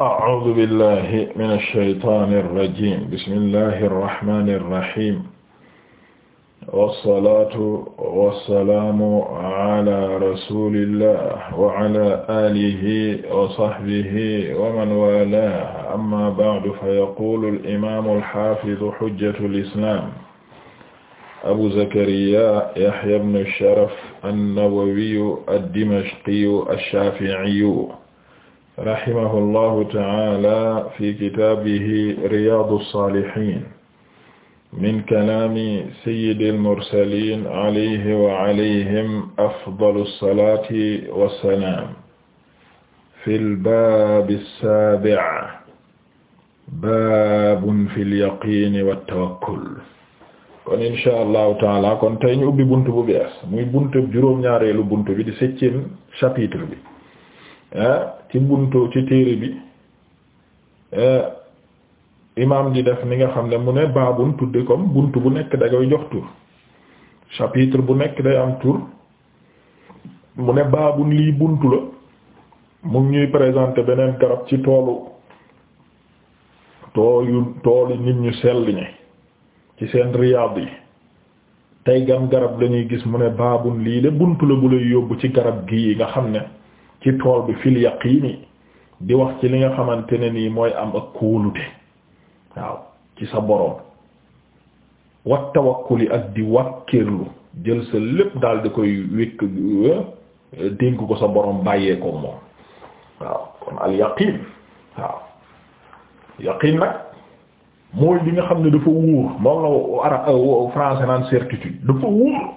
أعوذ بالله من الشيطان الرجيم بسم الله الرحمن الرحيم والصلاة والسلام على رسول الله وعلى آله وصحبه ومن والاه أما بعد فيقول الإمام الحافظ حجة الإسلام أبو زكريا يحيى بن الشرف النووي الدمشقي الشافعي rahimahullahu ta'ala fi kitaabihi riyaadu saalihiin min kalaami sayyidil mursaliin alayhi wa alayhim afdalu salaati wa salaam fil baabi saabi' baabun fil yaqiini wat tawakkul kon insha allahu taala kon tey ñu ubbi buntu bu bees muy buntu juróom-ñaareelu buntu bi di septième chapitre bi. Eh, ci buntu ci téere bi eh, imam di def ni nga xam ne mu ne baabun tudde comme buntu bu nekk da koy jox tur chapitre bu nekk day am tur mu ne baabun lii buntu la mu ñuy présenté beneen garab ci toolu toolu toolu nit ñu sell ñi ci seen riyaad yi tey gan garab lañuy gis mu ne baabun lii de buntu la bu lay yóbbu ci garab gi yi nga xam ne ci tool bi fil yi di wax ci li nga xamante ne nii mooy am ak kóolute waaw ci sa boroom wat tawakkuli ak di wàkkirlu jël sa lépp daal di koy wékk eh, dénk ko sa boroom bàyyee ko moom waaw kon al yaqiin waaw yaqiin nag mooy li nga xam ne dafa wóor moom la ara euh, français naan certitude dafa wóor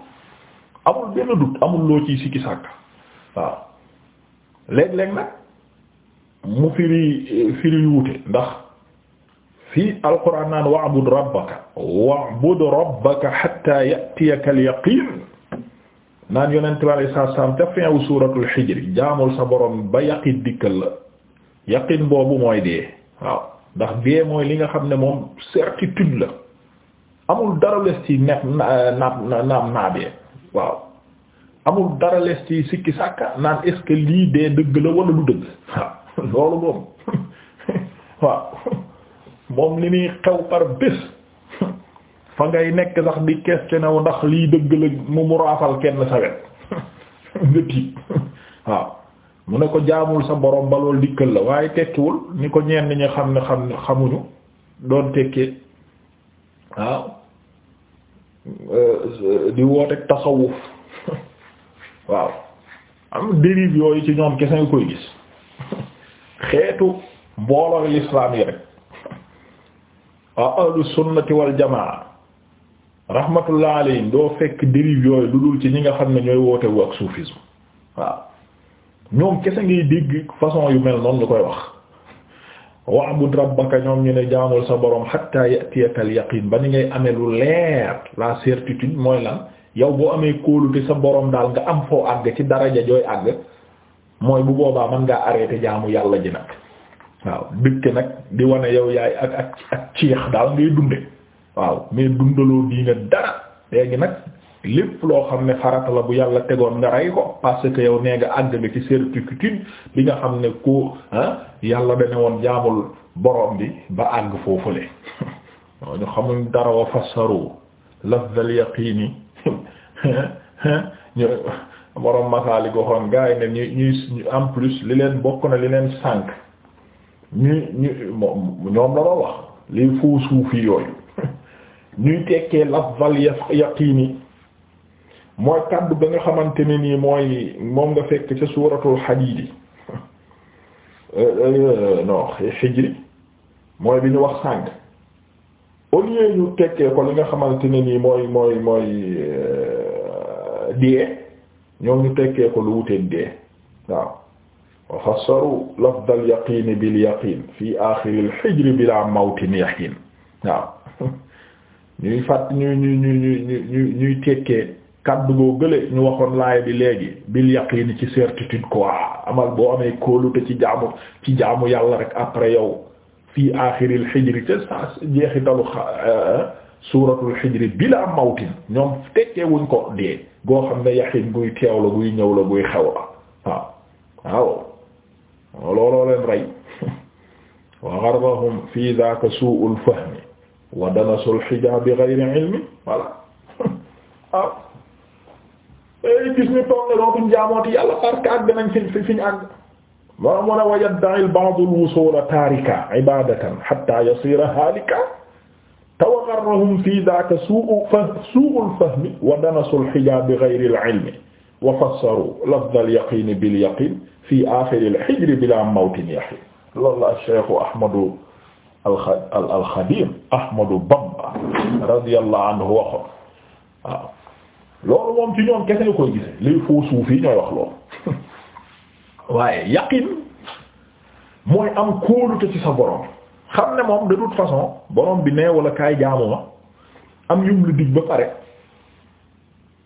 amul benn doute amul loo ciy sikki sàkk waaw léeg-léeg nag mu firi firi wuute ndax fii alquran naan wa'bud rabbaka wa'bud rabbaka hatta ya'tiyaka al-yaqin naan yonent bi alayhi salaatu salaam ca fin wu suuratul Hijr jaamul sa borom ba yaqin dikkal la yaqin boobu mooy dee waaw ndax mooy li nga xam ne moom certitude la amul dara les ci nepp naam naabee waaw amul dara les ci sikki sàkka naan est lii dee dëgg la wala lu dëgg loolu moom waaw moom li muy xew par bés fa ngay nekk sax di questionner wu ndax lii dëgg la mu mu raafal kenn sa nga tiit waaw mu ne ko jaamul sa borom ba loolu dikkal la waaye tekkiwul ni ko ñenn ñi xam ne xam ne xamuñu doon tekkee waaw euh, di woote tasawuf waaw am dérive yooyu ci ñoom kese nga koy gis xeetu mbooloo l'islam yi rek waa ahlu sunnati wal jamaa rahmatullah doo fekk dérive yooyu lu dul ci ñi nga xam ne ñooy woote wu ak soufisme waaw ñoom kese ngay dégg façon yu mel noonu lu koy wax wa'bud rabbaka ñoom ñu ne jaamul sa borom hatta ya'tiyaka al ba ni ngay amee lu leer la certitude mooy lan yow boo amee kóolute sa borom daal nga am foo àgg ci daraja jooy àgg mooy bu boobaa mën ngaa arrêté jaamu yàlla ji nag waaw dëkk nag di wane yow yaay ak ak ak daal ngay dunde waaw mais dundaloo di nga dara léegi nag lépp loo xam ne farata la bu yàlla tegoon nga rey ko parce que yow nee nga àgg nga ci certitude bi nga xam ne ko ah yàlla dane woon jaamul boroom bi ba àgg foofule. waaw ñu xamul dara wa fassaru lafdal yaqini ñu borom masaali ko xoon gars yi ne ñu ñuy en plus li leen bokk na li leen sànk ñu ñu ñoom la doon wax les faux soufis yooyu ñuy tekkee lafdal yaqiini mooy kàddu ba nga xamante ne nii mooy moom nga fekk ca suuratul hadiid euh, euh, non xijri mooy bi ñu wax sànk au ñu tekkee ko li nga xamante ne nii mooy mooy mooy e ñoom ñu tekkee ko lu wuteen dee waaw wa fassaru lafd al yaqin bil yaqin fi aaxiri al hijr bila mawtin yahin waaw ñuy fàtt ñuy ñuy ñuy ñuy ñuy tekkee kàddu goo gële ñu waxoon laay bi léegi bil yaqin ci certitude quoi amal boo amee kóolute ci jaamu ci jaamu yàlla rek après yow fii aaxiril xijri ca saa jeexitalu eh, suuratul xijri bilaa mawtin ñoom tekkee ne yaxin guy teew la guy ñëw guy xew la waaw waaw looloo rey wa garrahum fii daaka suu'ul fahmi wa bi gayri ilmi voilà waaw eh, gis ñu toog ne dootuñ jaamooti yàlla parce que àgg nañ fi fi moo mun a wa yadda'i al-ba'du al-wusula tarika ibadatan hatta yasira halika tawagharrahum fi dhaka su'u fa su'u al-fahmi wa danasu al-hijab bighayri al-'ilmi wa fassaru lafz al-yaqin bil-yaqin fi akhir al-hijr bila mawtin yaqin loolu la Cheikh Ahmadou al-Khadim Ahmadou Bamba radiyallahu anhu waxoon waaw loolu moom ci ñoom kese nga koy gise liy foo suuf yi ñooy wax loolu waaye yaqin mooy am kóolute ci sa borom xam ne moom de toute façon borom bi nee wala kaay jaamu ma am yum lu dig ba pare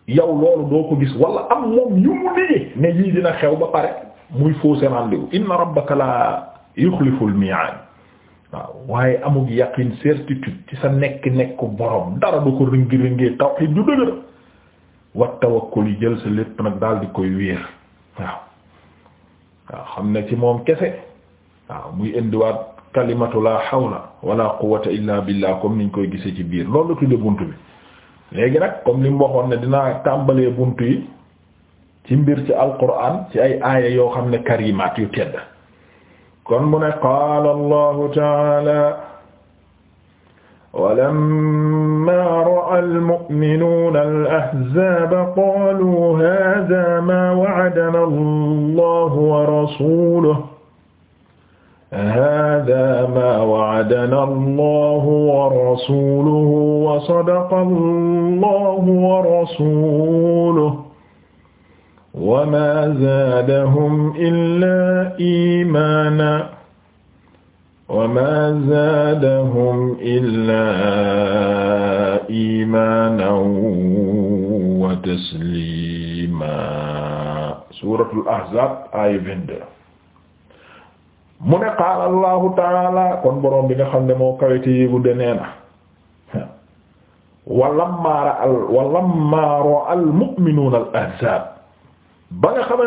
yow loolu doo ko gis wala am moom yu mu nii ne yii dina xew ba pare muy fausse rendez-vous inna rabbaka la yuxliful mi'ad waaw waaye amug yaqin certitude ci sa nekk nekk borom dara du ko ringi ringee tawhid du dëgër wat tawakkul yi jël sa lépp nag daal di koy wéer waaw waaw xam ne ci moom kese waaw muy indiwaat kalimatu la hawla wala quwwata illa billah comme niñ koy gisee ci biir loolu la tudde bunt bi léegi nag comme ni mu waxoon ne dina tàmbalee bunt yi ci mbir ci alquran ci ay aaya yoo xam ne karimaat yu tedd kon mu ne qaala allahu taala ولما رأى المؤمنون الأحزاب قالوا هذا ما وعدنا الله ورسوله هذا ما وعدنا الله ورسوله وصدق الله ورسوله وما زادهم إلا إيمانا wama zaadahum illaa imaanan wa tasliimaa. suuratul ahzaab aaya 22. mu ne qaala Allahu taala kon borom bi nga xam ne moo kawe te yéegu de nee na. walammaa ra'al walammaa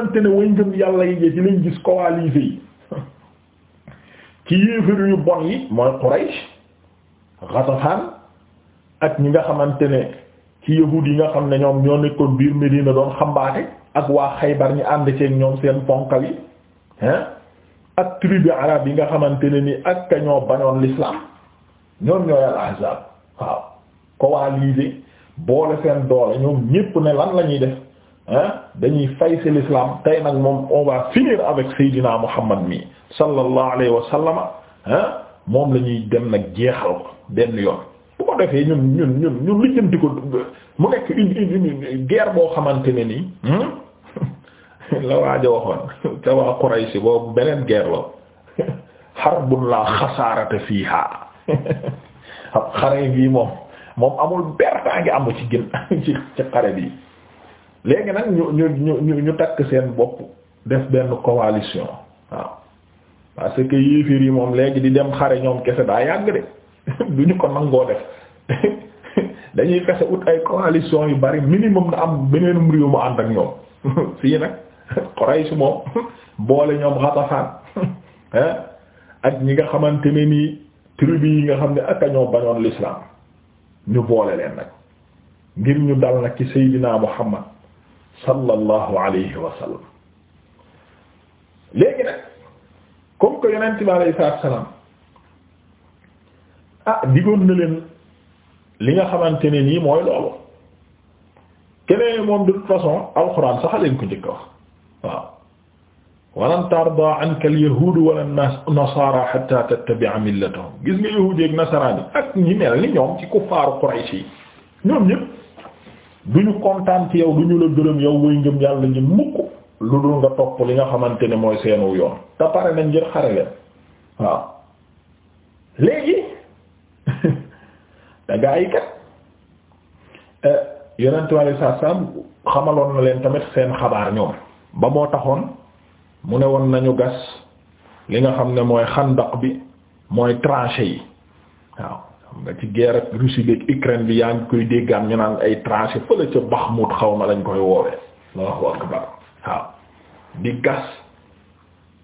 ne way ngëm yàlla gis coalisés ci yéefar yu bon yi mooy Quraysh Ghatafan ak ñi nga xamante ne ci yahuud yi nga xam ne ñoom ñoo nekkoon biir Medina doon xambaate ak waa Xaybar ñi ànd ceeg ñoom seen ponkal yi hein ak tribu arab yi nga xamante ne nii ak ka ñoo bañoon l'islam ñoom ñooy al ahzab waaw coalisé boole seen doole ñoom ñépp ne lan la def dañuy fay si l'islam tey nag moom on va finir avec Seydina Muhammad mi sallallahu alayhi wa sallam moom la ñuy dem nag jeexal ko benn yoon. bu ko defee ñun ñun ñun ñun lijjanti ko mu nekk une boo xamante ne nii hmm, la waaja waxoon ca waa Quraysh boobu beneen guerre la harbun la xasaarata fiiha xare bii moom moom amul berta ngi amu ci gën ci xare bi. léegi nag ñu ñu ñu ñu takk seen bopp def benn coalition waaw parce que yéefir yi moom léegi di dem xare ñoom kese daa yàgg de du ñu ko nangoo def dañuy fexe ut ay coalition yu bari minimum na am beneen réew mu ànd ak ñoom fii nag Quraysh moom boole ñoom Ghatafan ak ñi nga xamante ni nii yi nga xam ne ak ñoo bañoon l'islam ñu boole leen nag ngir ñu dal nag ci Seydina Muhammad sallallahu alayhi wa sallam léegi nag comme que yonent bi alayhi salaatu wa salaam ah digoon na leen li nga xamante ne nii mooy loolu keneen moom de toute façon alxuraan sax leen ko njëkk wax waaw walan tarda anka al yahuud wala nasaara hatta tattabi'a millatahum gis nga yahuud ak nasaraan yi ak ñi mel ni ñoom ci kuffaaru Quraysh yi ñoom ñépp du ñu kontaan ci yow du ñu la gërëm yow way ngëm yàlla ñi mukk lu dul nga topp li nga xamante ne mooy seenu yoon te pare nañ ngir xare leen waaw léegi dagaa yi kat eh, yonent bi alei xamaloon na leen tamit seen xabaar ñoom ba moo taxoon mu ne woon nañu gas li nga xam ne mooy xandaq bi mooy tranchée yi waaw nga ci guerre ak Russie beeg bi yaa ngi koy déggaan ñu naan ay tranché fële ca Bakhmout xaw ma lañ koy woowee Allahu akbar waaw di gas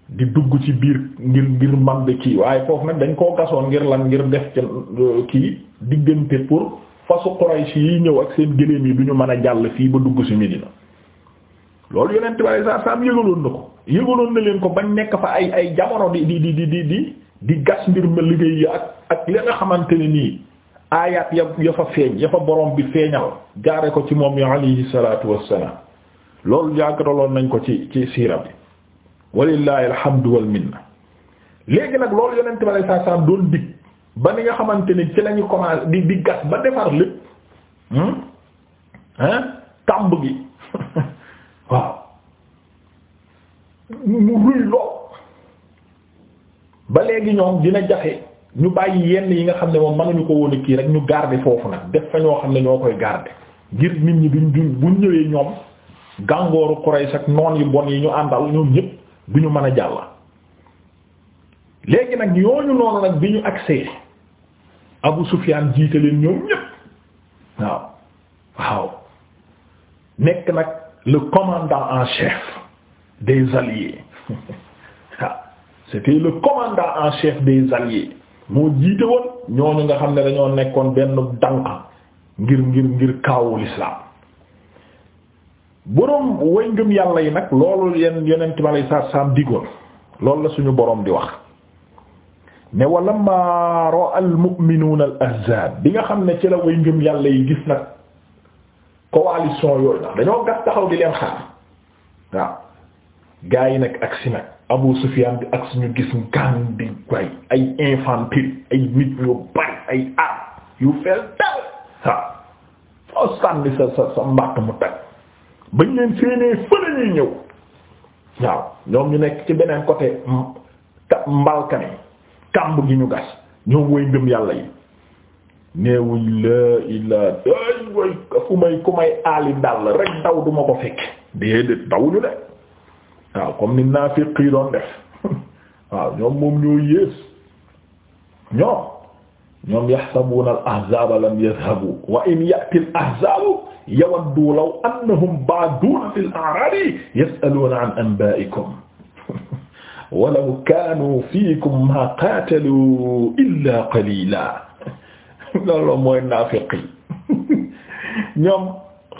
di dugg ci biir ngir ngir man de kii waaye foofu nag dañ koo gasoon ngir lan ngir def ca euh, kii diggante pour fasu Quraysh yi ñëw ak seen gëléem yi du ñu mën a jàll fii ba dugg ci Médina loolu yonent bi sallallahu alayhi wasallam yëgaloon na ko yëgaloon na leen ko bañ nekk fa ay ay jamono di di di di di gas mbir ma liggéey yi ak ak li nga xamante ni nii aayaat ya ya fa feeñ ya fa borom bi feeñal jaare ko ci moom yi alayhi salaatu wassalaam loolu yàggataloon nañ ko ci ci siira bi walillahi alhamdu wal minna léegi nag loolu yonent bi sallallahu alayhi wasallam doon dig ba ni nga xamante ni ci lañu commencé di di gas ba defar lépp hmm? hein tàmb gi waaw mu ruy lool ba léegi ñoom dina jafe ñu bàyyi yenn yi nga xam ne moom mënuñu ko woon kii rek ñu garder foofu nag def fa ñoo xam ne ñoo koy garder ngir nit ñi duñ duñ buñ ñëwee ñoom gàngooru Quraysh ak noon yi bon yi ñu àndal ñoom bu ñu mën a jàll. léegi nag ñooñu noonu nag bi ñu agsee Abu Sufyaan jiite leen ñoom ñëpp waaw waaw nekk nag le commandant en chef des alliés. c'était le commandant en chef des alliés moo jiite woon ñooñu nga xam ne dañoo nekkoon benn dank ngir ngir ngir kaawu l'islam boroom way ngëm yàlla yi nag loolu yen yeneen ci malay saat saam digoon loolu la suñu boroom di wax ne walla ra'a al-mu'minuna al-ahzab bi nga xam ne ci la way ngëm yàlla yi gis nag coalition yooyu nag dañoo gas taxaw di leen xaar waaw gaa yi nag ak si nag Abu Sufyan bi ak suñu gis ngaan di way ay infanterie ay nit yu bari ay arm yu feel dal waaw foo sànni sa sa sa mbàtt mu tag bañ leen séenee fële ñuy ñëw waaw ñoom ñu nekk ci beneen côté mbalkane kàmb gi ñu gas ñoom way ngëm yàlla yi neewuñ laa ilaa day way fu may ku may aali dàll rek daw duma ko fekk déedéet daw ñu de waaw comme ni naafiq yi doon def waaw ñoom moom ñoo yées ñoom ñoom yaxsabuuna al ahzaaba lam yadhabu wa in ya'ti al ahzaabu yawaddu law annahum baaduuna fil a'raabi yas'aluuna an anbaa'ikum walaw kaanu fiikum maa qaataluu illaa qaliilaa loolu mooy naafiq yi ñoom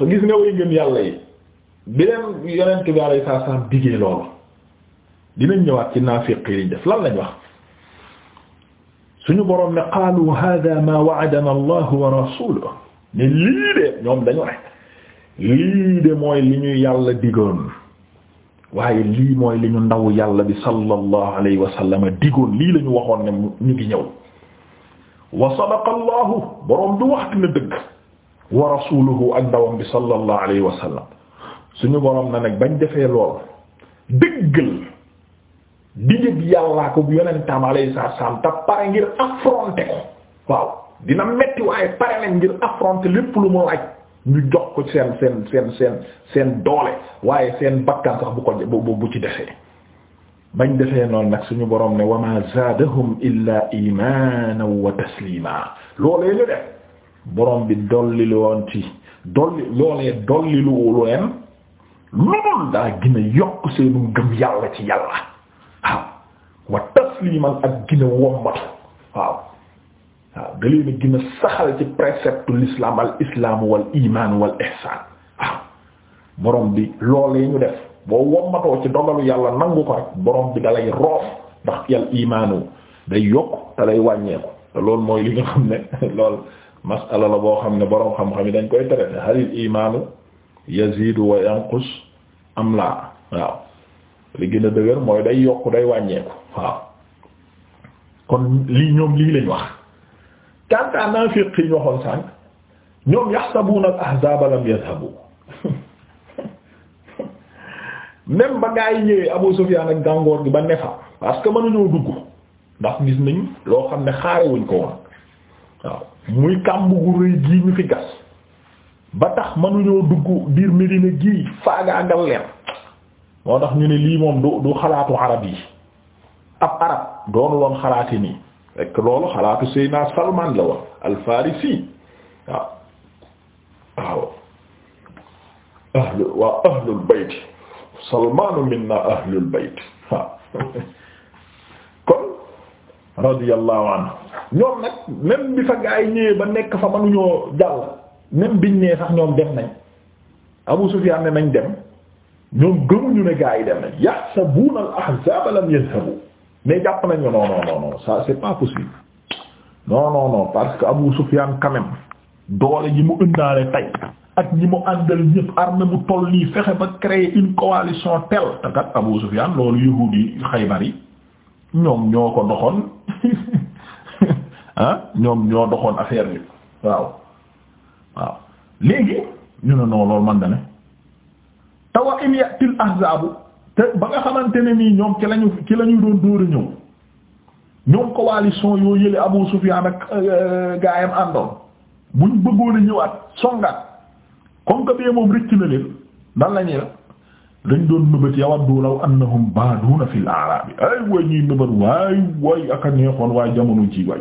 gis nga way gëm yàlla yi bi leen yonent bi alayhi salaam diggee loolu dinañ ñëwaat ci naafiq yi liñ def lan lañ wax suñu boroom ne qaalu hada ma wa'adana allahu wa rasuluhu ne lii de ñoom dañu wax lii de mooy li ñuy yàlla digoon waaye lii mooy li ñu ndaw yàlla bi sallallahu alayhi wa digoon lii lañu waxoon ne ñu ngi ñëw wa sadaqa allahu boroom du wax dina dëgg wa rasuluhu ak ndawam bi sallallahu alayhi wa suñu boroom na nag bañ defee lool dëggal digg yàllaa ko bu yonentam alayhi salaam te pare ngir affronter ko waaw dina metti waaye pare nañ ngir affronter lépp lu mu laaj ñu jox ko seen seen seen seen seen doole waaye seen bakkan sax bu ko bu ci defee bañ defee noon nag suñu boroom ne wa ma zaadahum illa imanan wa taslima loolee ñu def borom bi dolli lu ci dolli loolee dolli lu leen loolu daa gën yokk seenu ngëm yàlla ci yàlla waaw wa tasliman ak gën a waaw waaw da leen a saxal ci précepte l'islam al wal iman wal ihsan waaw borom bi loolee ñu def boo wommatoo ci dogalu yàlla nangu ko rek borom bi dalay roof ndax yàlla imaanu day yokk te wàññeeku te loolu mooy li nga xam ne lool masala la boo xam ne borom xam-xam yi dañ koy tere halil imaanu yazidu wa am laa waaw li gën a dëgër mooy day yokk day wàññeeku waaw kon lii ñoom lii lañ wax kantaa naafiq yi ñu waxoon sànq ñoom yaxsabuuna al-ahzaaba lam yadhabu ba gaa yi ñëwee Abu Sufyaan ak gàngoor gi ba nefa parce que mënuñoo dugg ndax gis nañ loo xam ne xaarewuñ ko woon waaw muy kàmb gu rëy gii ñu fi gas ba tax mënuñoo dugg biir Medina gi faagaagal leen moo tax ñu ne lii moom du du xalaatu arab yi ab arab doonu loon xalaati nii rekk loolu xalaatu Seydina Salman la woon al-Farisi waaw waaw ahlu waa ahlul bayt Salmaanu minna ahlul bayt waaw kon radiyallahu anhu ñoom nag même bi fa gaa yi ñëwee ba nekk fa mënuñoo jàll même biñ nee sax ñoom dem nañ Abu Sufyaan ne nañ dem ñoom gëmuñu ne gaa yi dem nañ yahsabuuna al-ahzaaba lam yadhhabu mais jàpp nañ ne non non non ça c'est pas possible non non parce que Abu Sufyaan quand doole ji mu ëndaale tey ak ñi mu àndal ñëpp armée bu toll nii fexe ba créer une coalition telle te kat Abu Sufyaan loolu yahuud yi Xaybar yi ñoom ñoo ko doxoon ah ñoom ñoo doxoon affaire bi waaw. waaw léegi ñu ne non loolu man da ne te wa in ahzaabu te ba nga xamante ne nii ñoom ci lañu ci la doon dóor a ñëw ñoom coalition yoo yële Abu Sufyaan ak euh, gaayam àndoon buñ bëggoon a ñëwaat songaat comme que bee moom rëcc na leen dan la ñuy la dañ doon nëbët yawaddu law annahum baaduuna fil a'raabi ay way ñuy nëbët waay way ak a neexoon waaye jamono ji way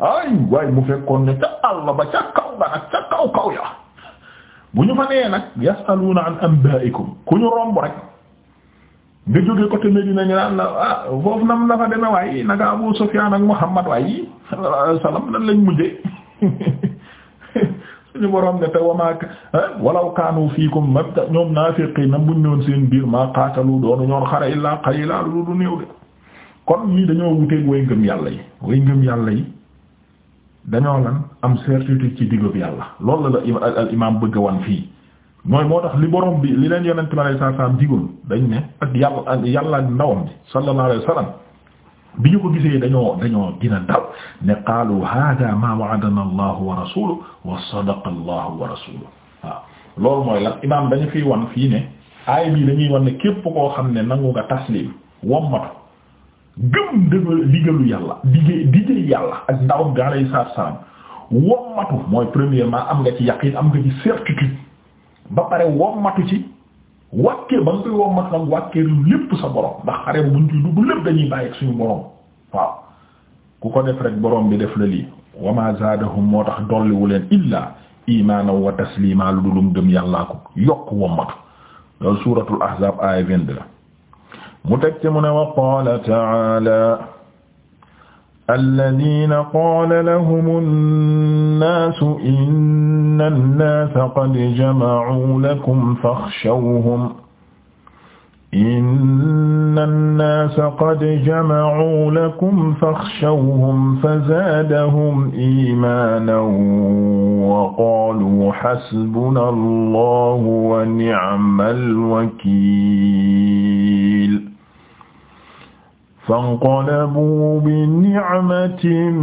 ay waaye mu fekkoon ne ca àll ba ca kaw ga nag ca kaw kaw ya bu ñu fa nee nag yasaluuna an anba'ikum ku ñu romb rek nga jóge côté Medina ñu na la ah foofu nam dafa deme waaye naka Abu Sufyaan ak Muhammad waaye sallallahu lan lañ mujje suñu borom ne te wamaak eh, walaw kaanu fiikum mabda ñoom naafiqi nam buñ ñëwoon seen biir maa qaatalu doonu ñoon xare illaa qalila lu du néew de kon ñii dañoo wuteeg way ngëm yàlla yi way ngëm yàlla yi dañoo lan am certitude ci diggu bi yàlla lool la al imaam bëgg a wan fii mooy moo tax li borom bi li leen yonent bi alayhi salaam digul dañ ne ak yàlla yàlla ndawam bi sallallahu alayhi wasallam bi ñu ko gisee dañoo dañoo gën a dal ne qaalu hada ma wa'adana allahu wa rasuluhu wa sadaqa allahu wa rasuluhu waaw loolu mooy lan imaam dañu fiy wan fii ne aay bii dañuy wan ne képp koo xam ne nangu nga taslim wommatu gëm dëgg liggéeyu yàlla liggéey liggéey yàlla ak ndawam bi alayhi salaam wommatu mooy premièrement am nga ci yaqin am nga ci certitude ba pare wommatu ci wàkkee ba nga koy wommatu nag wàkkeeru lépp sa borom ndax xare bu buñ ciy lépp dañuy bàyyi ak suñu borom waaw ku ko def rek borom bi def la lii wa ma moo tax dolliwu leen illaa imaana wa taslima lu dulum gëm yàllaa ko yokk wommatu loolu suuratul ahzaab aaya 22 mu teg ci mu ne wa qaala ta'aala alladhiina qaala lahumu nnaasu inna nnaasa qad jama'uu lakum fakhshawhum inna nnaasa qad jama'uu lakum fakhshawhum fazaadahum iimaanan wa qaaluu hasbunallaahu wa ni'mal wakiil fanqalabuu binicmatin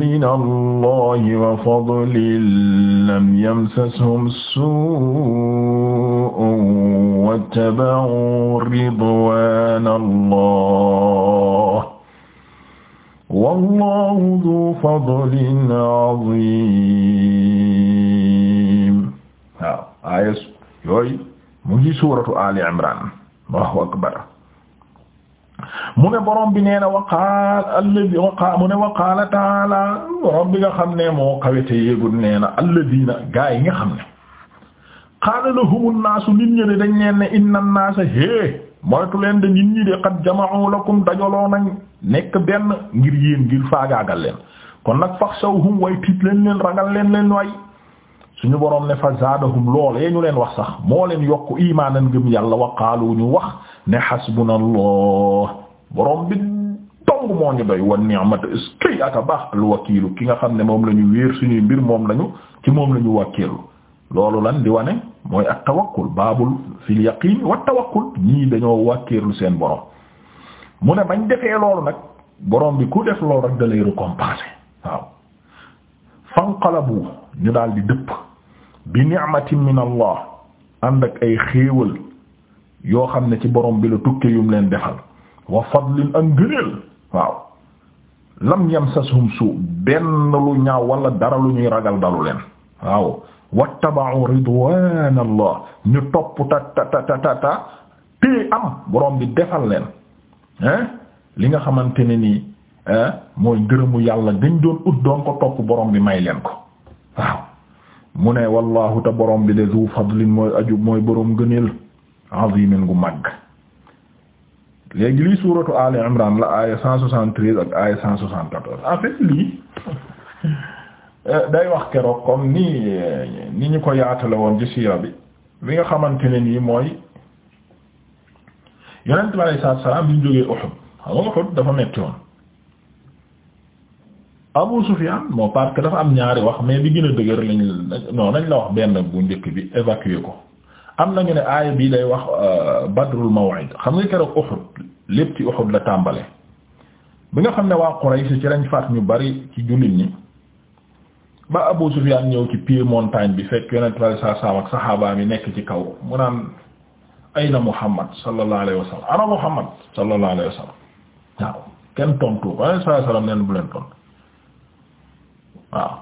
min allahi wa fadlin lam yamsashum su'un wattaba'uu ridwaana allah wallahu duu fadlin aziim waaw aayes yooyu mu ngi suuratu Ali Imran Allahu akbar mu ne borom bi nee na waqaal alladi waqaa mu ne waqaala taala borom bi nga xam ne moo xawete yéegul nee na alladina gaa yi nga xam ne qaala lahumun naasu nit ñi de dañ leen ne inna naasa hee moytu leen de nit ñi de qad jama'u lakum dajaloo nañ nekk benn ngir yéen ngir faagaagal leen kon nag faxshawhum way tiit leen leen ragal leen leen way suñu boroom ne fa zaadahum loolee ñu leen wax sax moo leen yokk imaanan gëm yàlla wa ñu wax ne hasbunallah borom bi dong moo ñu doy wan ni'mat eskay aka baax alwakiilu ki nga xam ne moom lañu ñu wéer suñuy mbir moom lañu ci moom la ñu wàkkeelu loolu lan di wane mooy ak tawakkul baabul fil yaqiin wa tawakkul ñii dañoo wàkkeelu seen borom mu ne bañ defee loolu nag borom bi ku def loolu rek da lay récompenser waaw fanqalabu ñu daal di dëpp bi ni'matin min allah ànd ak ay xéewal yoo xam ne ci borom bi la tukke yum leen defal wa fadlin ak ngëneel waaw lam yamsashum su benn lu ñaaw wala dara lu ñuy ragal dalu leen waaw wattaba'u ridwanallah ñu topp ta ta ta ta ta tée am borom bi defal leen hein li nga xamante ne nii mooy ngërëmu yàlla dañ doon ut doon ko topp borom bi may leen ko waaw mu ne wallahu te borom bi de zu fadlin mooy aju mooy borom ngëneel azimin gu màgg léegi lii suuratu Ali Imran la aaya 173 ak aaya 174 en fait lii day wax keroog comme ni ni ñu ko yaatale woon ci siira bi li nga xamante ne nii mooy yonent bi alayhi salaatu salaam bi ñu jógee Uhud xam nga dafa metti woon Abu Sufyan moo parce que dafa am ñaari wax mais bi gën a dëgër lañ non nañ la wax benn bu njëkk bi évacuer ko am nañu ne aaya bii day wax euh, badrul maw'id xam nga keroog Uhud lépp ci Uhud la tàmbale bi nga xam ne waa Quraysh ci lañ faat ñu bari ci jullit ñi ba Abu Sufyan ñëw ci pied montagne bi fekk yonent bi saa saam ak saxaabaam yi nekk ci kaw mu naan ayna Muhammad sallallahu alayhi wa sallam ana Muhammad sallallahu alayhi wa waaw kenn tontu ko sallallahu alayhi wa sallam neen bu leen tontu waaw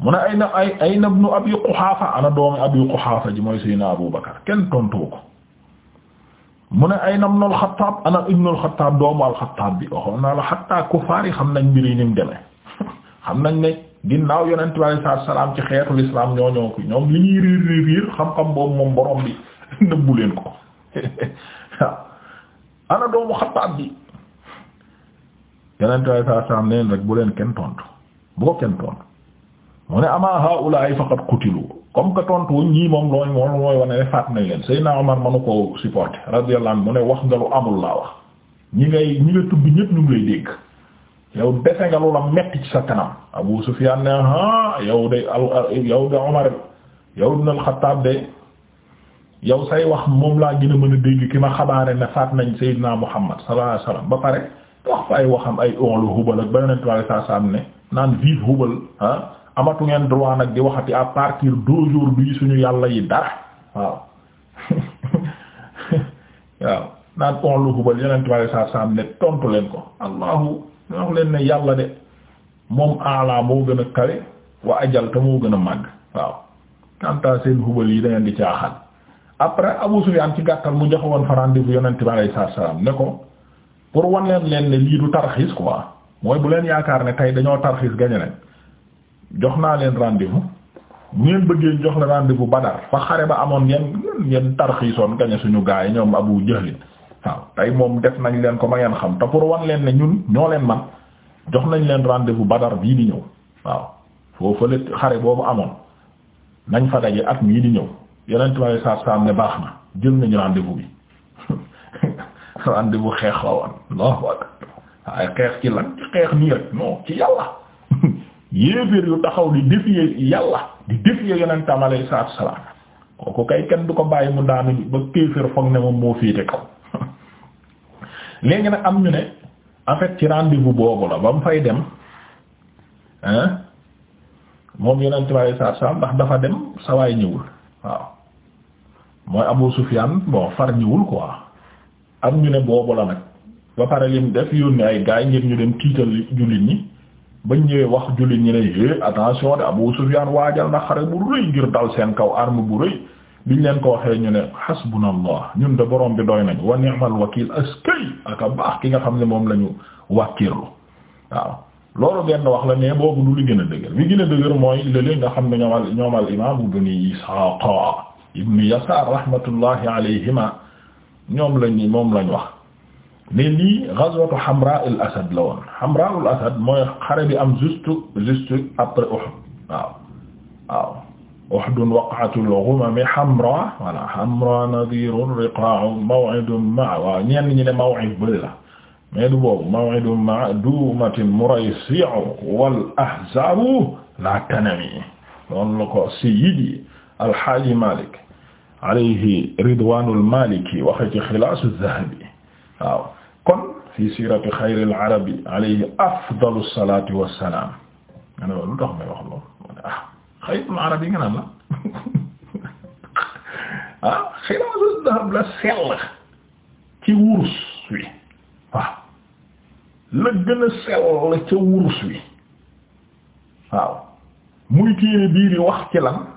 mu ne ay na ay ay na ibnu abi quxaafa ana doomi abi quxaafa ji mooy sayyidina abu bakar kenn tontu ko mu ne ay na ibnu alxataab ana ibnu alxataab doomu alxataab bi waxoon naa la xatta kufaar yi xam nañ mbir yi ni mu demee xam nañ ne ginnaaw yonent bi alayhi salaam ci xeetu lislaam ñoo ñoo ko ñoom li ñuy riir riir riir xam-xam boobu moom borom bi nëbbu leen ko waaw ana doomu xataab bi yonent bi alayhi salaam neen rek bu leen kenn tontu bu ko kenn tontu mu ne ama haulahi faqad qutilu comme que tontu wuñ ñii moom looñ moom mooy wax nga lu amul laa wax ñi ngay ñi nga tudd ñépp ñu lay dégg yow dese nga lu la metti ci sa kanam Abu Sufyan ne ah de al yow de Omar yow ibn al de yow say wax moom laa gën a mën a dégg ki ma xabaare ne faat nañ Seydina Muhammad sallallahu alayhi wasallam ba pare wax fa ay waxam ay onlu Hubal ak ba yonentu Yàlla sallallahu alayhi ne naan vive Hubal ah amatu ngeen droit nag di waxati à partir d'aujourd'hui suñu yàlla yi dara waaw waaw naan on lu hubal yeneen tubaab saa saa ne tontu leen ko allahu wax leen ne yàlla de moom ala moo gën a kawe wa ajal te moo gën a màgg waaw kantaa seen hubal yi da ngeen di caaxaan après Abu Sufyaan ci gàttal mu joxe woon fa rendez-vous yonent bi alayhi salaam ne ko pour wan leen leen ne lii du tarxiis quoi mooy bu leen yaakaar ne tey dañoo tarxiis gañe leen jox naa leen rendez-vous bu bëggee jox la rendez-vous Badar fa xare ba amoon ngeen ngeen tarxiisoon gañe suñu gaay ñoom Abu Jahl waaw tey moom def nañ leen ko ma ngeen xam te pour wan leen ne ñun ñoo leen man jox nañ leen rendez-vous Badar bii di ñëw waaw foofu boobu amoon fa daje at mii di ñëw yeneen tamit saa am ne baax na jël nañu rendez-vous bi rendez xeex la woon non waaye xeex ci lan xeex nii rek non ci yàlla. yéeféer yu taxaw li défier yàlla di défier yonentam alayhi salaatu wa salaam kay kenn du ko bàyyi mu daanu ba kéeféer foog ne moom moo féete kaw léegi nag am ñu ne en fait ci rendez-vous boobu la ba mu fay dem hein moom yonentam alayhi salaam ndax dafa dem sawaay ñëwul waaw mooy Abu Sufyaan bon far ñëwul quoi am ñu ne boobu la nag ba pare lim def yónni ay gaay ngir ñu dem tiital jullit ñi bañ ñëwee wax jullit ñu ne attention de Abu Sufyan waajal na xare bu rëy ngir dal seen kaw arme bu rëy biñ leen ko waxee ñu ne hasbunallah ñun de borom bi doy nañ wa ni'mal wakiil askay ak a baax ki nga xam ne moom lañu ñu wàkkirlu waaw loolu genn wax la ne boobu du li gën a dëgër li gën a dëgër mooy léeg-léeg nga xam ne ñoomal ñoomal imaam ibn Isaaq ibn Yasaar rahmatullahi alayhima ñoom lañ moom lañ wax ne lii ghazwatu Hamra al Asad la woon Hamra al Asad mooy xare bi am juste juste après Uhud waaw waaw Uhud waqa'atul ghumam Hamra wala Hamra nadhirun riqa'u maw'idun ma'a waaw ñenn ñi ne maw'id bëri la mais du boobu maw'idun ma'a dumatin muraysi'u wal ahzabu la tanami loolu la ko sayyidi al Haaji Malik alayhi ridwanul Maliki waxe ci Xilaasu Zahabi waaw kon fi siirati xayril arabi alayhi afdalu salaati wa salaam nga ne lu tax may wax loolu ah xayrul arabi nga naan la ah xilaasu dahab la sell ci wurus wi waaw la gën a sell ca wurus wi waaw muy téere bii di wax ci lan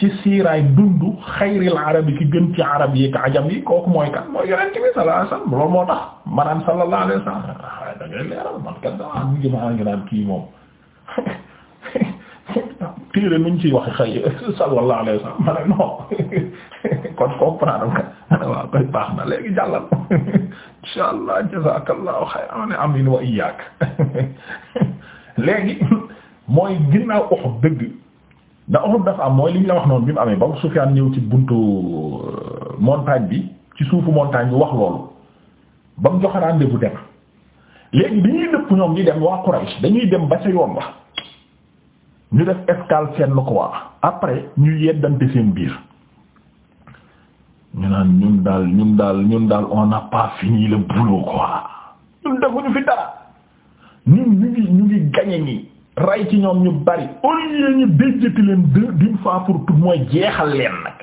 ci siiraay dundu xayril arabi ki gën ci arab yi ajam yi kooku mooy kan mooy yonent bi sallallahu alayhi wasallam loolu moo tax manaan sallallahu alayhi wasallam da ngay leeral man kat maa ngi naan kii moom téere nuñ ciy wax xëy sallallahu alayhi wasallam ma ne non kon comprendre nga ma ne waaw koy baax na léegi jàllal insha allah jazakallahu xayran amin wa iyyaak léegi mooy ginnaaw Uhud dëgg ndax Uhud dafa am mooy li la wax noonu bi mu amee ba Sufyaan ñëw ci buntu euh, montagne bi ci suufu montagne bi wax loolu ba mu joxe rendez-vous dem léegi bi ñuy dëpp ñoom di dem waa Quraysh dañuy dem ba ca yoon ba ñu def escale fenn ko waa après ñu yeddante seen biir ñu naan ñun daal ñun daal ñun daal on n'a pas fini le boulot quoi ñun defuñu fi dara ñun ñu ngi ñu ngi gañe ñi ray ci ñoom ñu bari au lieu ñu déjjati leen d'une fois pour toutes mooy jeexal leen nag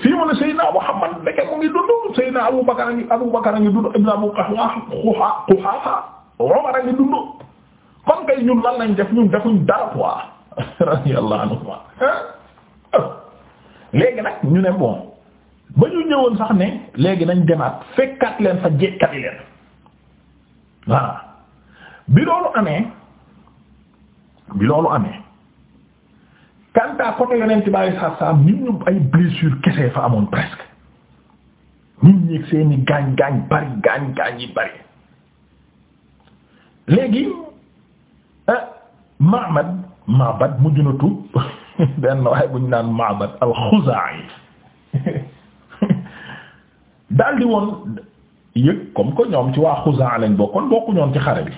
fii mu ne Seydina Muhammad ndeke mu ngi dund Seydina Abu Bakar a ngi Abu Bakar a ngi dund ibn Abu Quhaafa a ngi dund kon kay ñun lan lañ def ñun defuñ dara quoi radiyallahu anhuma léegi nag ñu ne bon ba ñu ñëwoon sax ne léegi nañ demaat fekkaat leen fa jekkati leen voilà bi loolu amee bi loolu amee quant à côté yonent bi alayhi salaatu salaam nit ñu ay blessure kese fa amoon presque nit ñi seeni gaañ gaañ bari gaañ gaañ yi bari léegi ah, Ma'bad Ma'bad mujj na tuub benn waaye bu ñu naan Ma'bad al-Xuzaa'i daldi woon yëg comme que ñoom ci waa Xuzaa lañ bokkoon bokku ñoon ci xare bi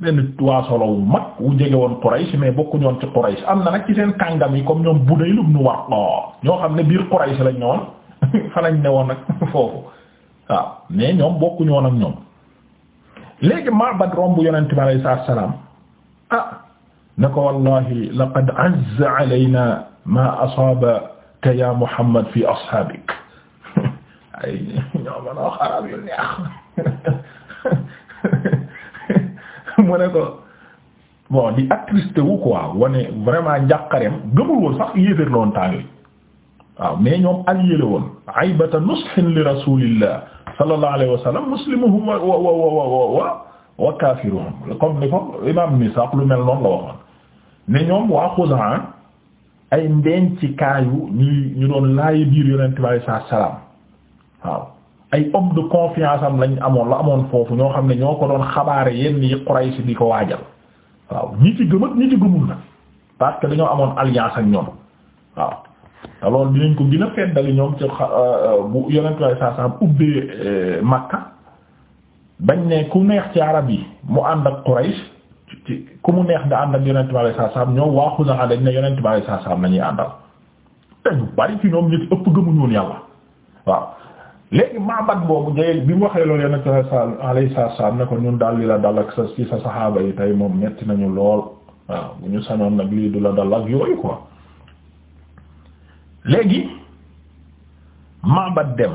benn waa solo wu mag wu jege woon Quraysh mais bokkuñu woon ci Quraysh am na nag ci seen kàngam yi comme ñoom Budayl ibn Warqa xam ne biir Quraysh lañ ne woon fa lañ ne woon nag foofu waaw mais ñoom bokkuñu woon ak ñoom. léegi Ma'bad romb yonent bi alayhi salaam ah wallahi laqad azza alaynaa maa asaabaka yaa Muhammad fi ashaabik ay ñoo mën a wax arab yu mu ne ko bon di attristé wu quoi wane vraiment njàqareem gëmul woon sax yéeféer la woon temps waaw mais ñoom allié la woon aybata nushin li rasulillah sallallahu alayhi wa sallam muslimuhum wa wa wa wa wa kaafiruhum comme ni ko imam misaq lu mel noonu la waxoon ne ñoom waa Xuzaa ay ndenc kaayu ñu doon laayi biir yonent bi salaam waaw ay homme de confiance am lañ amoon la amoon foofu ñoo xam ne ñoo ko doon xabaare yenn yi Quraysh di ko waajal waaw ñi ci gëm gëmul nag parce que dañoo amoon alliance ak ñoom waaw te loolu dinañ ko gën a feddali ñoom ci euh, euh, bu yonentu way euh, neex ci arab yi mu ànd ak ku mu neex nga ànd ak yonentu way saa saa ñoom waa Xuzaxa dañ ne yonentu way saa saa nañuy àndal te ñu bari ci ñoom ñi ëpp gëmuñu yàlla waaw léegi Ma'bad boobu jayel bi mu waxee loolu yonent bi alayhi salaam ne ko ñun daal li la dal ak sa ci sa saxaaba yi tey moom metti nañu lool waaw bu ñu sañoon nag lii du la dal ak yooyu quoi léegi Ma'bad dem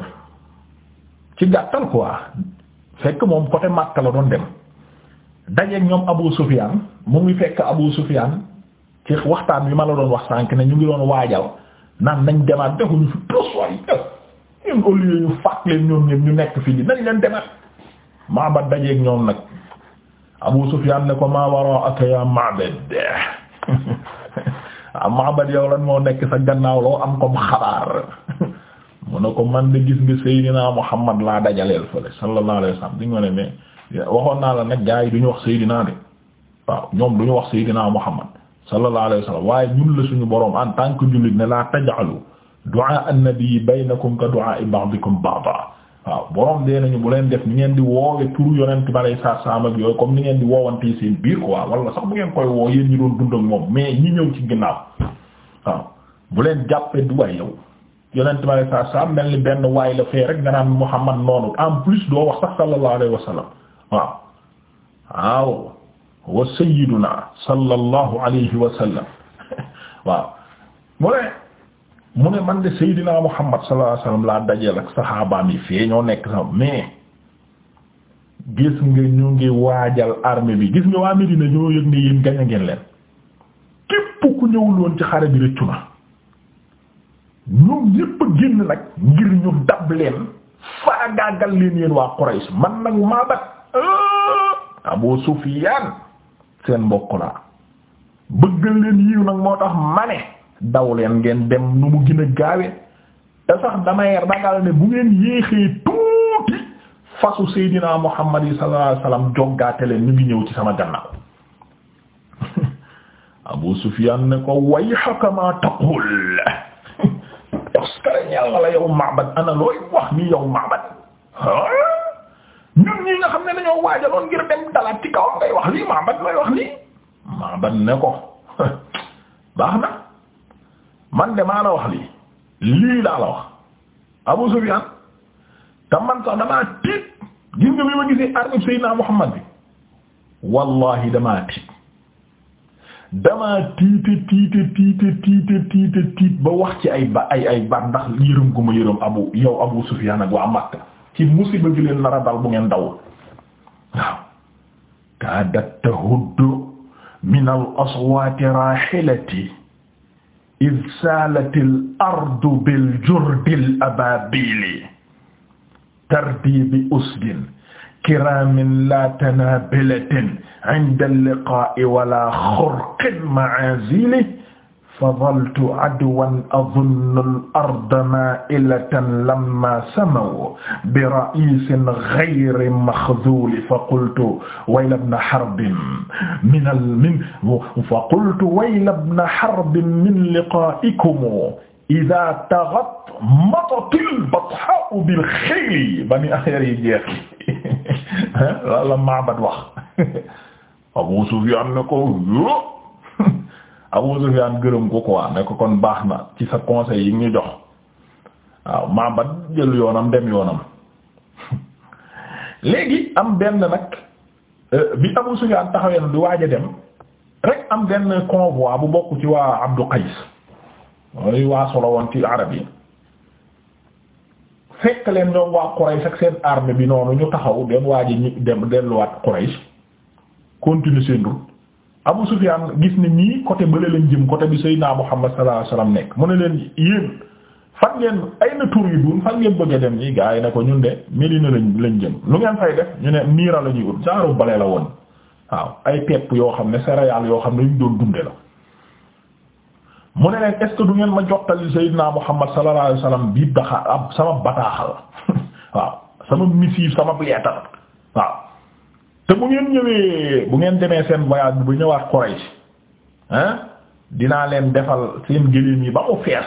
ci gàttal quoi fekk moom côté Makka la doon dem dajeek ñoom Abu Sufyaan mu ngi fekk Abu Sufyaan ci waxtaan bi ma la doon wax sànk ne ñu ngi doon waajal naan nañ demaat defuñu fi tos waay ñun au lieu ñu fàq leen ñoom ñu nekk fii di nañ leen demal Ma'bad dajeeg ñoom nag Abu Sufyan ne ko maa waroo ak yaa Ma'bad ah yow lan moo nekk sa gannaaw loo am comme xabaar mu ne ko man de gis nga Seydina Muhammad laa dajaleel fële sallallahu alayhi wasallam di nga ne mais waxoon naa la nag gars yi du ñu wax Seydina de waaw ñoom du ñu wax Seydina Muhammad sallallahu alayhi waaye ñun la suñu boroom en tant que jullit ne laa taj'alu du'a an-nabi baynakum ka du'a ba'dikum ba'da waaw borom dee nañu bu leen def ni ngeen di woowe turu yonent bi alay saa saam ak yooyu comme ni ngeen di woowante seen biir quoi wala sax bu ngeen koy woo yéen ñi doon dund ak moom mais ñi ñëw ci ginnaaw waaw bu leen jàppee du waay yow yonent bi alay mel ni benn waay la fee rek nga naan Muhammad noonu en plus doo wax sax sallallahu alayhi wa sallam waaw waaw wa sayyiduna sallallahu alayhi wa sallam waaw. mu ne man de Seydina Muhammad sallallahu alayhi wasallam laa dajeel ak saxaabaam yi fee ñoo nekk sax mais gis nga ñu ngi waajal armée bi gis nga waa Medina ñoo yëg ne yéen gañ a ngeen leen képp ku ñëwul woon ci xare bi rëccu na ñoom ñépp génn nag ngir ñu dab leen faagaagal leen yéen waa Quraysh man nag maa bat ah, Abu Sufyaan seen mbokk laa bëggal leen yiw nag moo tax ma ne daw leen ngeen dem nu mu gën a te sax damay ragal ne bu ngeen yéexee tuuti fasu seydinaa muhammad sallallahu alayhi leen ñu ngi ñëw ci sama gannaaw abu sufiyaan ne ko wayhaka ma taqul toskare ñàlla la yow ma'bad ana looy wax ni yow ma'bad ñun ñi nga xam ne dañoo waajaloon ngir dem dalaat ci kaw ngay wax lii ma'bad looy wax lii ma'bad ne ko baax na man de maa la wax lii lii laa la wax Abu Sufyan te man sax damaa tiit gis nga bi ma gisee armée Seydina Muhammad bi wallahi damaa tiit damaa tiite tiite tiite tiite tiite tiit ba wax ci ay ba ay ay bar ndax yërëm gu ma yërëm abu yow Abu Sufyan ak waa Makka ci musiba gi leen nar a dal bu ngeen dawul waaw kaadat tahuddu min al aswaati raahilati id saalatil ardu bil jurdil abaabili tardi bi usdin kiraamin laa tanaabilatin inda liqaa'i wala xurqin ma'aazili fadaltu adwan azunnu al-arda maa'ilatan lammaa samaw bi ra'iisin ghayri makhzuul faqultu wayla ibna harbin min al-min faqultu wayla ibna harbin min liqaa'ikum izaa taghammatil bathaa'u bil khayli ba ni affaire yi jeex la Ma'bad wax Abu Sufyaan ne ko Abu Sufyaan gërëm ko quoi ne ko kon baax na ci sa conseil yi ñu jox waaw maam ba jël yoonam dem yoonam léegi am benn nag euh, bi Abu Sufyaan taxawee na di waaj a dem rek am benn convoi bu bokk ci waa Abdu Qays mooy waa solo woon ci arab yi fekk leen ñoom waa Quraysh ak seen armée bi noonu ñu taxaw dem waaj a ñu dem delluwaat Quraysh continue seen route Abu Sufyan gis ne ñii côté bële lañ jëm côté bi Seydina Muhammad sallallahu alayhi wasallam nekk mu ne leen yéen fan ngeen ay na tur yu dul fan ngeen bëgg a dem ñi gaa yi ne ko ñun de Medina lañ lañ jëm lu ngeen fay def ñu ne niira la ñuy ut genre bale la woon waaw ay pepp yoo xam ne céréales yoo xam ne ñu doon dunde la. mu ne leen est du ngeen ma jottali Seydina Muhammad sallallahu alayhi wasallam bi daxa ab sama bataaxal waaw sama missive sama leetar waaw. te bu ngeen ñëwee bu ngeen demee seen voyage bu ñëwaat Quraysh ah dinaa leen defal seen gëléem yi ba mu fees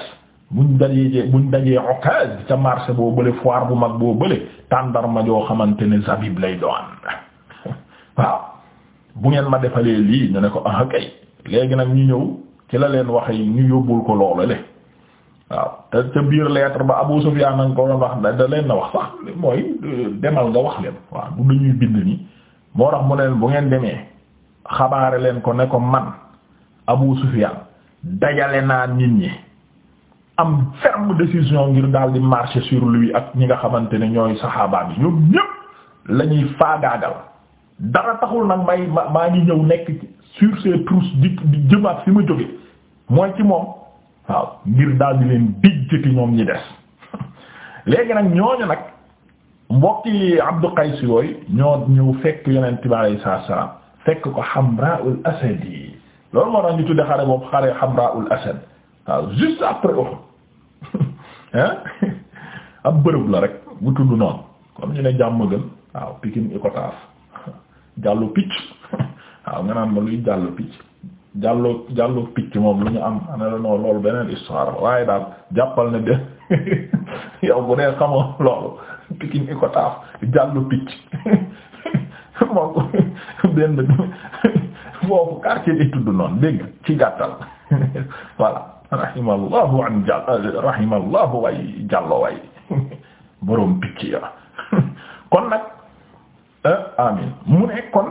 buñ dajee buñ dajee Okaz ca marché boo bële foire bu mag boo bële tàndarma joo xamante ne zabib lay doon waaw bu ngeen ma defalee lii ñu ne ko ah kay léegi nag ñu ñëw ci la leen waxe ñu yóbbul ko loolu le waaw te ca biir lettre ba Abu Sufyan nanga ko doon wax da leen na wax sax mooy demal nga wax leen waaw du dañuy bind nii moo tax mu ne bu ngeen demee xabaare leen ko ne ko man Abu Sufyan dajale naa nit ñi am ferme décision ngir daal di marché sur lui ak ñi nga xamante ne ñooy saxaabaa bi ñoom ñépp la ñuy faagaagal dara taxul nag may maa ngi ñëw nekk sur ses trousses di di jëmaat fi ma jóge mooy ci moom waaw ngir daal di leen dijjati ñoom ñi des léegi nag ñooñu nag. mbokki Abdu Qays yooyu ñoo ñëw fekk yonent bi alayhi salaam fekk ko Hamra'ul Asad yi loolu moo tax ñu tudde xare boobu xare Hamra'ul Asad waaw juste après Uhud ah ab bërëb la rek bu tudd noonu comme ñu ne jàmm gën waaw Pikine Icotaf jàllu picc waaw nga naan ma luy jàllu picc jàllu jàllu picc moom lu ñu am ana la noonu loolu beneen histoire waaye daal jàppal na de yow bu dee xamoo loolu pikin i ko taaf jàllu picc moo ko benn foofu quartier bi tudd noonu dégg ci gàttal voilà rahimallahu an jàll rahimallahu way jàllo way boroom picc ya kon nag euh, amin mu ne kon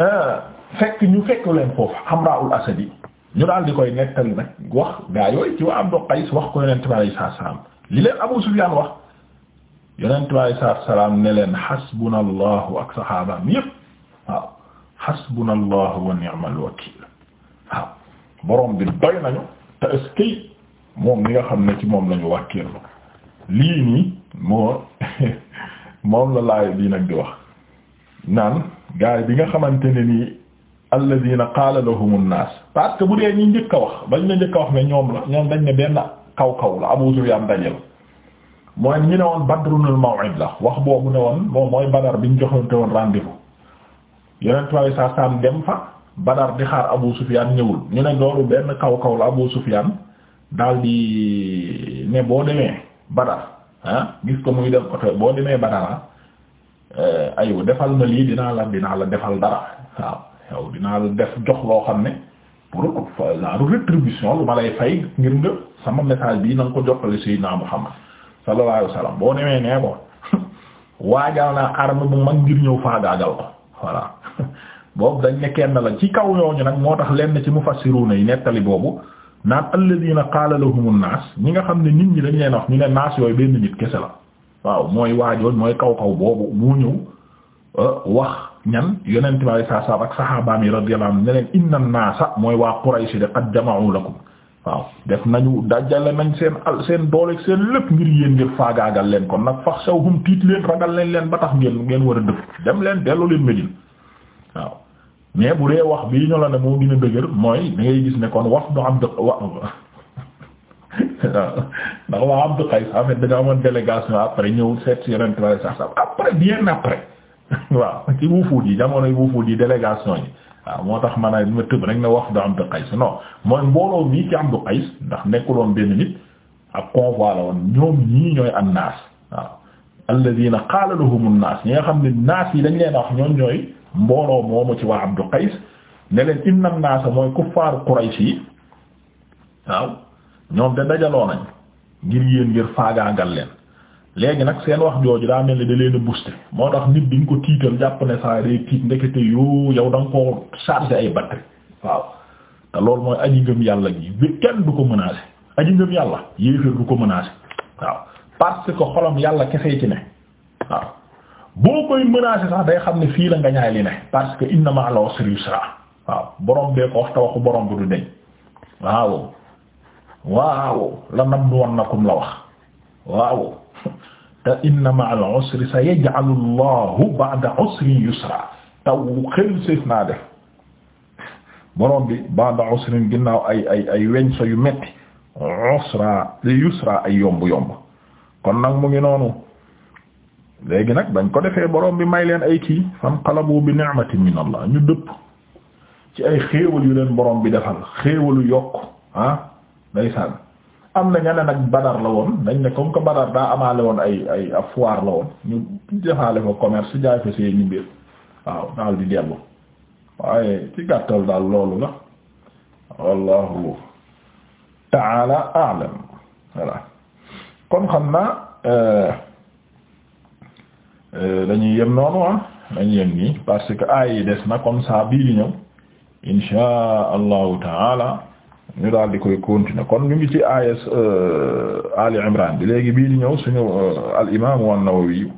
euh, fekk ñu fekku leen foofu Hamra'ul Asadi ñu daal di koy nettali nag wax gaa ci waa Abdu Qays wax ko Yonent bi salaam li leen Abu Sufyaan wax yonent bi alayhi salaatu salaam ne leen xasbuna allahu ak saxaabaam yépp waaw xasbuna allahu wa ni'mal wakiil waaw borom bi doy nañu te eskay moom mi nga xam ne ci moom lañu wàkkeel lii nii moo moom la laay bii nag di wax naan gaay bi nga xamante ne nii alladina qaala lahum an-naas parce que bu dee ñi njëkk a wax bañ na njëkk a wax ne ñoom la ñoom dañ ne benn kaw kaw la Abu Sufyaan dajel mooy ñu ne woon badrunul maw'id la wax boobu ne woon moom mooy badar bi ñu joxante woon rendez-vous yeneen tubaab saa saam dem fa badar di xaar Abu Sufyaan ñëwul ñu ne loolu benn kaw kaw la Abu Sufyaan daal di ne boo demee badar ah gis ko muy dem oto boo demee badara ah, eh, ayu defal ma lii dinaa la dinaa la defal dara waaw yow dinaa la def jox loo xam ne pour genre rétribution lu ma lay fay ngir nga sama message bi na nga ko joxale Seydina Muhammad sallallahu alayhi boo newee nee bon waajal naa arme bu mag ngir ñëw faagaagal ko voilà boobu dañ ne kenn la ci kaw ñooñu nag moo tax lenn ci mufassiruna yi nettali boobu naan alladina qaala lahumun naas ñi nga xam ne nit ñi dañ leen wax ñu ne naas yooyu benn nit kese la waaw mooy waajoon mooy kaw kaw boobu mu ñëw euh, wax ñan yonent bi sallallahu alayhi ak saxaabaam yi radiyallahu anhum ne leen inna naasa mooy waa Quraysh de qad jama'u lakum waaw def nañu dajale nañ seen al seen dooleeg seen lépp ngir yéen ngir faagaagal leen kon nag fax sew hum tiit leen ragal leen leen ba tax ngeen ngeen war a dëf dem leen dellu leen Médine waaw mais bu dee wax bii ñu la ne moo gën a dëgër mooy da ngay gis ne kon wax du am dëkk wa ndax waa Abdou Qays en fait dañoo amoon délégation après ñëw seet si yeneen traçage après bien après waaw ci wuufuut yi jamonoy wuufuut yi délégation yi. waaw moo tax man a ma tëb rek ne wax da Abdu Qays non mooy mbooloo mii ci Abdu Qays ndax nekkuloon benn nit ak convoi la woon ñoom ñii ñooy annaas waaw alladina qaala lahum an-naas ñi nga xam ne naas yi dañ leen wax ñoom ñooy mbooloo moomu ci waa Abdu Qays ne leen inna an-naasa mooy kuffaaru Quraysh yi waaw ñoom de dajaloo nañ ngir yéen ngir faagaagal leen léegi nag seen wax jooju daa mel ni da leen a moo tax nit di nga ko tiital jàpp ne saa day tiit ndekete yoo yow da ko koo chargé ay batterie waaw te loolu mooy aji ngëm yàlla gi bi kenn du ko menacer aji ngëm yàlla yéeféer du ko menacer waaw parce que xolam yàlla kese ci ne waaw boo koy menacer sax day xam ne fii la nga ñaay li ne parce que inna ma'al usri yusra waaw borom bee ko wax waxu borom bu du deñ waaw waaw la nam nu wan nakum la te inna ma'al usri sayaj'alu Allahu ba'da usri yusra taw xel séef naa def borom bi ba'da usrin ginnaaw ay ay ay weñ sa yu metti usra yusra ay yomb yomb kon nag mu ngi noonu léegi nag bañ ko defee borom bi may leen ay kii fanqalabu bi ni'matin min Allah ñu dëpp ci ay xéewal yu leen borom bi defal xéewalu yokk ah ndeysaan am na ñeneen ak Badar la woon dañ ne comme Badar daa amaale woon ay ay ab la woon ñu defaale fa commerce jaay fa seeni mbir waaw daal di dellu waaye ci gàttal daal loolu la wallahu taala alam voilà kon xam na euh, euh, dañuy yem noonu ah dañuy yem nii parce que aay yi des na comme ça bii di ñëw insha allahu taala ñu daal di koy continuer kon ñu ngi ci aaya euh, Ali Imran bi léegi bii di ñëw suñu euh, al imaamu an-Nawawi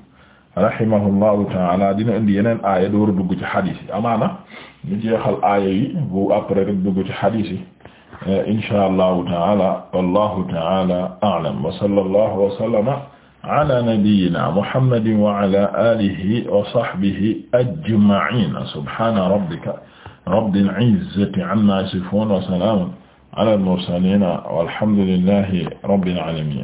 rahimahullahu taala dina indi yeneen aaya door a dugg ci xadiis yi amaana ñu jeexal aaya yi bu après rek dugg ci xadiis yi euh, insha allahu taala wallahu taala a'lam wa sallallahu wa sallama ala nabiyyina muhammadin wa ala alihi wa sahbihi ajma'in subhana rabbika rabbil izzati amma yasifun wa salaam ala al mursaliin walhamdulillahi rabbil aalamiin